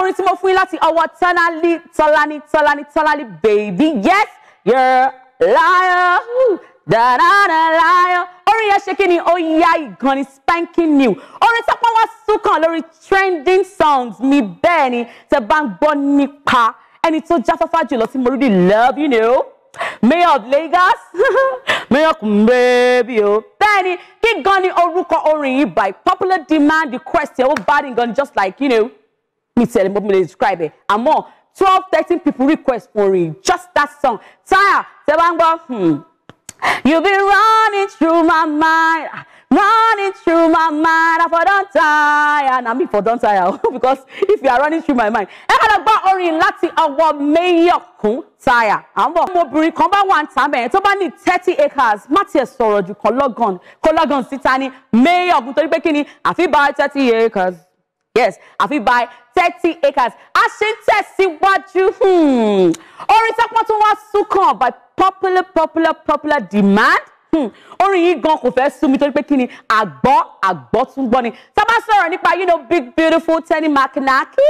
gbádùn orin tí mo fún yín láti ọwọ́ tọ́lání tọ́lání tọ́lání tọ́lání baby yes you're liar dáadáa liar orin yẹn ṣe kí ni ó yá ìgan ni spanking new orin tó pọ́n wá súnkàn lórí trending songs mi bẹ́ẹ̀ ni tẹ́ bá ń gbọ́ nípa ẹni tó jáfáfá jùlọ tí mo rí di love you know mayor of Lagos mayor kumbebi o bẹ́ẹ̀ni kí gan ni orúkọ orin yìí by popular demand the question ó bá ní gan just like you know. Me tell him what me describe ẹ̀ àmọ́ twelve thirteen people request orin just that song tire tẹ bá ń you be running through my mind running through my mind i for don't tire na me for don't tire because if you are running through my mind ẹ kàn lọ gbọ́ lati láti ọwọ́ Mayorkun Tire à ń bọ̀. ọmọbìnrin kan bá wà ń ta mẹ́rin tó bá thirty acres má tiẹ̀ sọ̀rọ̀ jù kọ́ lọ́gàn kọ́ lọ́gàn síta ní Mayorkun torí pé thirty acres yes I àfi buy thirty acres a ṣe ń tẹ̀síwájú hmm. orin tẹ́pọ̀ tó wá súnkàn by popular popular popular demand hmm? orin yìí gan kò fẹ́ sú mi torí pé kí ni àgbọ́ àgbọ́ tún gbọ́ ni tá a bá sọ̀rọ̀ nípa you know big beautiful Tenny Makinaki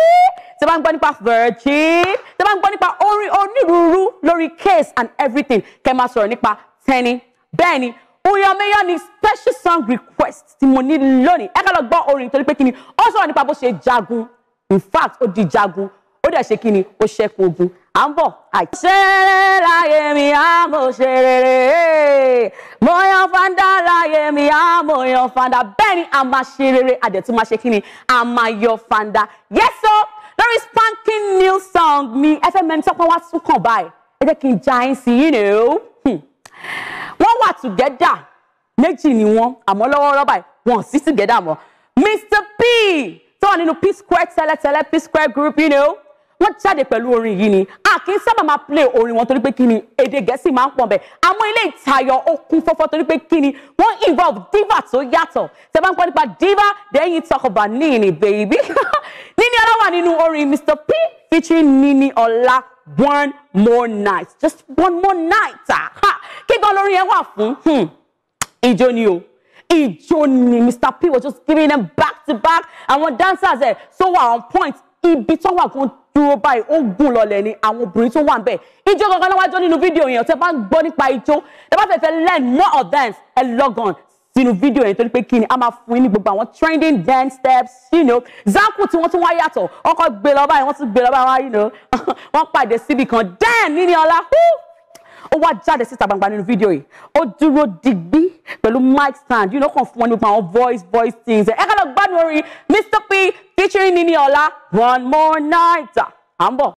tá a bá ń gbọ́ nípa Virgin tá a bá ń gbọ́ nípa orin onírúurú lórí case and everything kẹ́ máa sọ̀rọ̀ nípa Tenny bẹ́ẹ̀ ni Oyameya ni special song request tí mo ní lónìí ẹ ká lọ gbọ́ orin torí pé kíni ó sọ̀rọ̀ nípa bó ṣe jagun in fact ó di jagun ó dẹ̀ ṣe kíni ó ṣẹ́kun ogun à ń bọ̀ àì. ṣeré láyé mi á mo ṣe rere mo yan fanda láyé mi á mo yan fanda bẹ́ẹ̀ ni a máa ṣe rere a máa ṣe kíni a máa yọ fanda yes lórí spanking new song mi ẹ fẹ́ mẹ́ni tọ́pọ̀ wá tún kàn báyìí ẹ jẹ́ kí n ja ẹ́ sí yín nìyó. Hmm wà together méjì ni wọ́n àmọ́ lọ́wọ́lọ́wọ́ báyìí wọ́n sì together mọ́ Mr P tó wà nínú P Square tẹ́lẹ̀tẹ́lẹ̀ P Square group you know wọ́n jáde pẹ̀lú orin yìí ni a kì í sábà máa play orin wọn torí pé kí ni èdè gẹ̀ẹ́sì máa ń pọ̀ bẹ́ẹ̀ àmọ́ ilé ìtayọ̀ ó kún fọ́fọ́ torí pé kí ni wọ́n involve diva tó yàtọ̀ tẹ́ bá ń pọ́ nípa diva then you talk about Nini baby Nini ọlọ́wà nínú orin Mr P featuring Nini Ola one more night just one more night ah ha kíkan lórí yẹn wà fún ìjó hmm. ni o ìjó ni Mr P was just giving them back to back and àwọn dancers eh so wà on point ibi tó wà gan dúró báyìí ó gùn lọlẹ̀ ni àwọn obìnrin tó wà ń bẹ̀ ijó gangan náà wájú nínú video. yẹn tẹ́ bá ń gbọ́ nípa ijó tẹ́ bá fẹ́ fẹ́ learn more of dance ẹ log on nínú fídíò yẹn torí pé kí ni a máa fún yín ní gbogbo àwọn trending dance steps you know Zanku tí wọ́n tún wá yàtọ̀ ọkọ̀ gbé lọ báyìí wọ́n tún gbé lọ báyìí you know wọ́n pàdé síbì kan dan níní ọlá ó wá jáde síta gbangba nínú fídíò yìí ó dúró digbí pẹ̀lú mic stand you know kàn fún wọn nípa àwọn voice voice things ẹ ká lọ gbádùn orin Mr P featuring níní ọlá one more night à ń bọ̀.